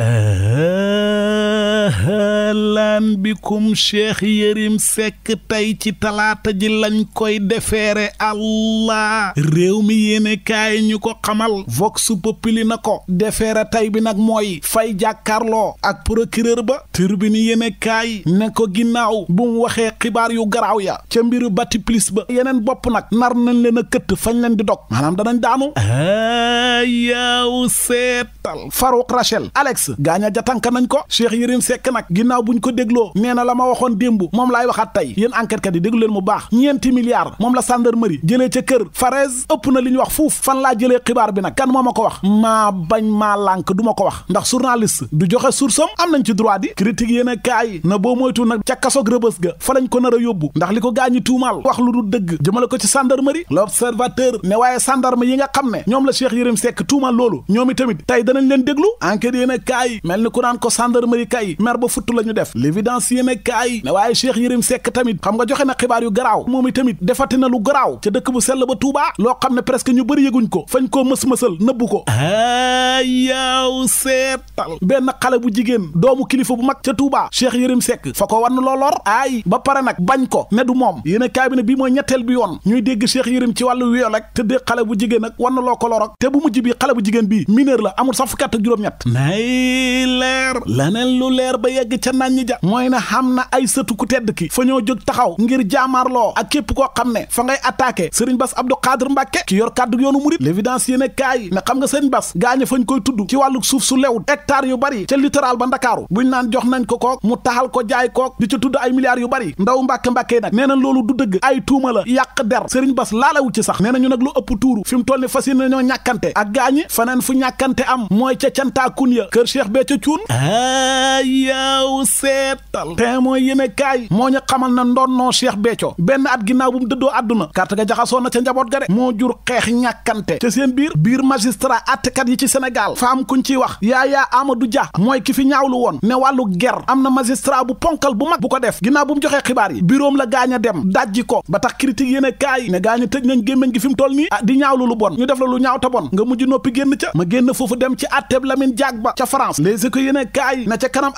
Euh, marhaban bikum cheikh yérim sekk tey ci talaata ji lañ koy defeere allah réew mi yéene kaay ñu ko xamal vox populi na ko defeere tey bi nag mooy fay jàkkaarloo ak procureur ba turbine yéene kaay ne ko ginnaaw bu mu waxee xibaar yu garaaw ya ca mbiru bati plis ba yeneen bopp nag nar nañ leen a këtt fañ leen di dog maanaam danañ daanu yaaw seetal Farouk Rachel Alex gaaña jatanka nañ ko cheikh yérim sekk nag ginnaaw buñ ko dégloo nee na la ma waxoon démb moom laay waxaat tey yéen enquête kat déglu leen mu baax ñeenti milliards moom la gendarmerie jëlee ca kër Farès ëpp na li ñu wax fuuf fan laa jëlee xibaar bi nag kan moo ma ko wax maa bañ maa lànk du ma ko wax ndax journaliste du joxe source am nañ ci droit di critique yéen a kaay na boo moytu nag ca kasoog rëbës ga fa ko nar a yóbbu ndax li ko gaañi tuumaal wax lu du dëgg jëmale ko ci gendarmerie l'observateur ne waaye gendarme yi nga xam ne ñoom la Cheikh Yérim Seck tuumaal loolu ñoom itamit tey danañ leen déglu enquête yéen a kaay mel ni ku naan ko gendarmerie kay mer ba futt la ñu def l'évidence yéene kaay ne waaye Cheikh Yérim sekk tamit xam nga joxe na xibaar yu garaaw moom i tamit defati na lu garaaw ca dëkk bu sell ba Touba loo xam ne presque ñu bëri yëguñ ko fañ koo mës-mësal nëbbu ko a yaaw seetal benn xale bu jigéen doomu kilifa bu mag ca Touba Cheikh Yérim sekk fa ko wann looloor ay ba pare nag bañ ko ne du moom yéene kaay bi ne bii mooy ñetteel bi yoon ñuy dégg Cheikh Yérim ci wàllu wiyol ak tëddee xale bu jigéen ak wann loo ko lorok ak te bu mujj bi xale bu jigéen bii mineur la amul sax fukki at ak juróom-ñett nay leer lu leer ba yegg ca naan ñi mooy ne xam na ay sëtu ku tedd ki fa ñoo jóg taxaw ngir jaamaarloo ak képp koo xam ne fa ngay attaqué sëriñ bas abdou xaadir mbàkke ki yor kàddu yoonu murit l'évidence yéene kaay ne xam nga sëriñ bas gaañe fañ koy tudd ci wàllu suuf su lew hectare yu bari ca littoral ba ndakaaru bu ñu naan jox nañ ko kook mu taxal ko jaay kook di ca tudd ay milliards yu bari ndaw mbàkke mbàkke nag nee na loolu du dëgg ay tuuma la yàq der sëriñ bas laalawu ci sax nee na ñu nag lu ëpp tuuru fi mu toll ni fas yéene ñoo ak gaañi faneen fu ñàkkante am mooy ca cantaakun ya kër cheikh bee ah, ca nettal témoin kaay moo ñu xamal na ndonnoo Cheikh Béthio benn at ginnaaw bu mu dëddoo àdduna carte ga jaxasoo na ca njaboot ga de moo jur xeex ñàkkante ca seen biir biir magistrat attekat yi ci Sénégal faam kuñ ciy wax yaayaa du Dia mooy ki fi ñaawlu woon ne wàllu ger am na magistrat bu ponkal bu mag bu ko def ginnaaw bu mu joxee xibaar yi biróom la gaañ a dem dajji ko ba tax critique yéene kaay ne gaañ a tëj nañ gémmiñ gi fi mu toll nii ah di ñaawlu lu bon ñu lu ñaaw ta bon nga mujj noppi génn ca foofu dem ci atteeb Lamine Diack ba ca France les éco yéene kaay na ca kanam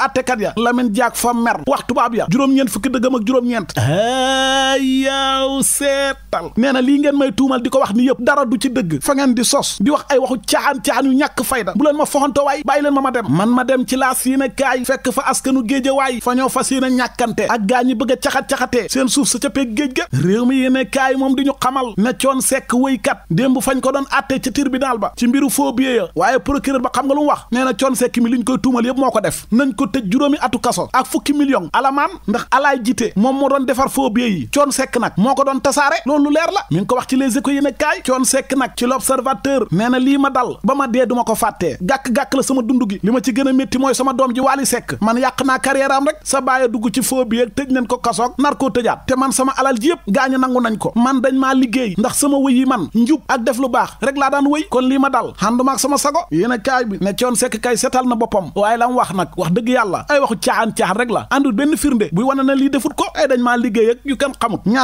dafa mer wax tubaab ya juróom-ñeent fukki dëggam ak juróom-ñeent a yaaw seetal nee na lii ngeen may tuumal di ko wax ni yëpp dara du ci dëgg fa ngeen di sos di wax ay waxu caaxaan caaxaan yu ñàkk fayda bu leen ma foxanto waay bàyyi leen ma ma dem man ma dem ci laas yéen a kaay fekk fa askanu géej waay fa ñoo fa yéen a ak gaa ñi bëgg a caxat-caxatee seen suuf sa ca peeg géej ga réew mi yéen a kaay moom di ñu xamal ne coon sekk wëykat démb fañ ko doon àtte ci tribunal ba ci mbiru faux billets ya waaye procureur ba xam nga lu wax nee na coon sekk mi liñ koy tuumal yëpp moo ko def nañ ko tëj juróomi atu kaso ak fukki million alamaan ndax alaay jite moom moo doon defar faux billets yi coon sekk nag moo ko doon tasaare loolu leer la mi ngi ko wax ci les échos yi ne kaay coon sekk nag ci l'observateur nee na lii ma dal ba ma dee duma ko fàttee gàkk-gàkk la sama dund gi li ma ci gën a métti mooy sama doom ji Wally Seck man yàq naa carrière rek sa bàyyi dugg ci faux billets tëj nañ ko kasoog nar koo tëjaat te man sama alal ji yëpp gaañu nangu nañ ko man dañ maa liggéey ndax sama wëy yi man njub ak def lu baax rek laa daan wëy kon lii ma dal xanduma ak sama sago yéen a kaay bi ne sekk kay setal na boppam waaye la wax nag wax dëgg yàlla ay waxu caaxaan caaxaan rek àndul benn firnde buy wane na lii defut ko ay dañ maa liggéey ak yu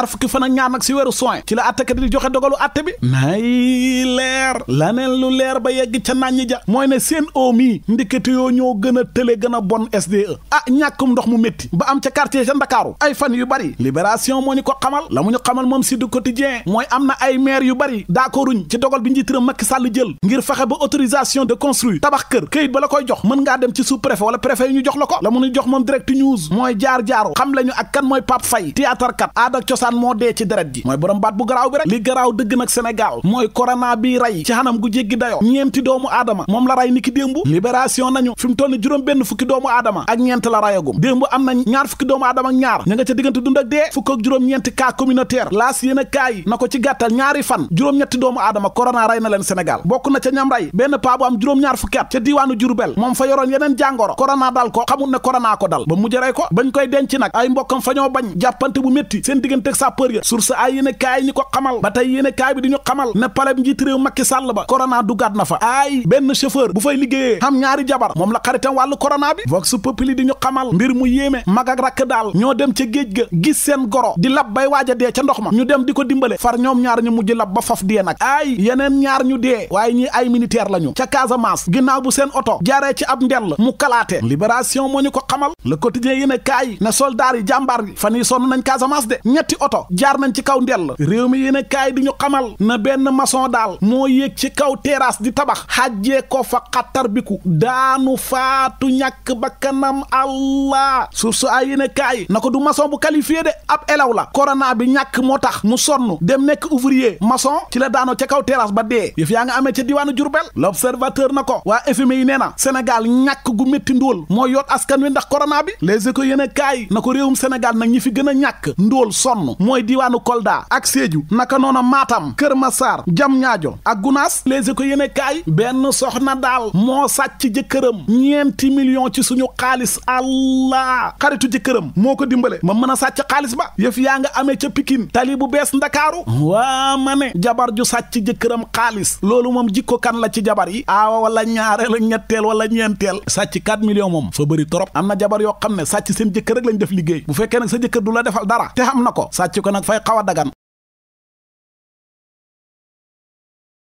fukki fan ak ñaar nag si weeru soin ci la attekat di joxe dogalu atte bi nay lu leer ba yegg ca naan ñi ja mooy ne seen o mii ndikati yoo ñoo gën a tële gën a bon SDE ah ñàkkum ndox mu metti ba am ca quartier ca Ndakaaru ay fan yu bari libération moo ñu ko xamal la mu ñu xamal moom si du quotidien mooy am na ay maire yu bari d'accorduñ ci dogal bi njiitëram Macky Sall jël ngir fexe ba autorisation de construire tabax kër këyit ba la koy jox mën ngaa dem ci sous préfet wala préfet yu ñu jox la ko la mu ñu jox moom direct direct news mooy jaar jaaru xam lañu ak kan mooy Pape Faye théâtre kat aada ak cosaan moo dee ci deret ji mooy borom baat bu garaw bi rek li garaaw dëgg nag Sénégal mooy corona bi rey ci xanam gu jéggi dayo ñeenti doomu aadama moom la rey ni ki démbu libération nañu fi mu toll ni juróom benn fukki doomu aadama ak ñeent la rayagum démbu am na ñaar fukki doomu aadama ak ñaar ña nga ca diggante dund ak dee fukk ak juróom-ñeenti cas communautaire laas yéen a kaay na ko ñaari fan juróom-ñetti doomu aadama corona na leen Sénégal bokk na ca ñam rey benn paa ñaar fukki at ca diiwaanu Jurbel moom fa jàngoro corona dal ko xamul ne ko dal ba mu jaray ko bañ koy denc nag ay mbokkam fa ñoo bañ jàppante bu métti seen diggante ak sapeur ya source ay yéene kaay ñi ko xamal ba tey yéene kaay bi di ñu xamal ne palais bi njiit réew Macky ba corona dugaat na fa ay benn chauffeur bu fay liggéeyee xam ñaari jabar moom la xaritam wàllu corona bi vox populi di ñu xamal mbir mu yéeme mag ak rakk daal ñoo dem ca géej ga gis seen goro di lab bay waaj a dee ca ndox ma ñu dem di ko dimbale far ñoom ñaar ñu mujj lab ba faf dee nag ay ñaar ñu dee waaye ñi ay militaire lañu ca Casamance ginnaaw bu seen oto jaaree ci ab ndell mu kalaate libération moo ñu ko xamal quotidien yi ne kaay ne soldaar yi jàmbaar yi fan yi sonn nañ Casamance de ñetti oto jaar nañ ci kaw ndell réew mi yéen a kaay di ñu xamal na benn maçon daal moo yéeg ci kaw teraas di tabax xajjee ko fa xattar biku daanu faatu ñàkk bakkanam allah suuf su ay yéen a kaay na ko du maçon bu qualifié de ab elaw la corona bi ñàkk moo tax mu sonn dem nekk ouvrier maçon ci la daanoo ca kaw terrasse ba dee yëf yaa nga amee ca diwaanu Jurbel l'observateur na ko waa FMI yi nee na Sénégal ñàkk gu métti ndóol moo yoot askan wi ndax corona bi les éco yéen a na ko réewum senegal nag ñi fi gën a ñàkk ndóol sonn mooy diiwaanu Kolda ak Sédhiou naka noona Matam Kër Massar Diamniadio ak Gounass les éco yéen a kaay benn soxna daal moo sàcc jëkkëram ñeenti million ci suñu xaalis allah xaritu jëkkëram moo ko dimbale ma mën a sàcc xaalis ba yëf yaa nga amee ca Pikine tali bu bees Ndakaaru waa ma ne jabar ju sàcc jëkkëram xaalis loolu moom jikko kan la ci jabar yi aawa wala ñaareel ñetteel wala ñeenteel sàcc 4 millions moom fa bëri torop am na jabar yoo xam ne sàcc seen jëkkër rek lañ def liggéey bu fekkee nag sa jëkkër du la defal dara te xam na ko sàcc ko nag fay xaw a dagan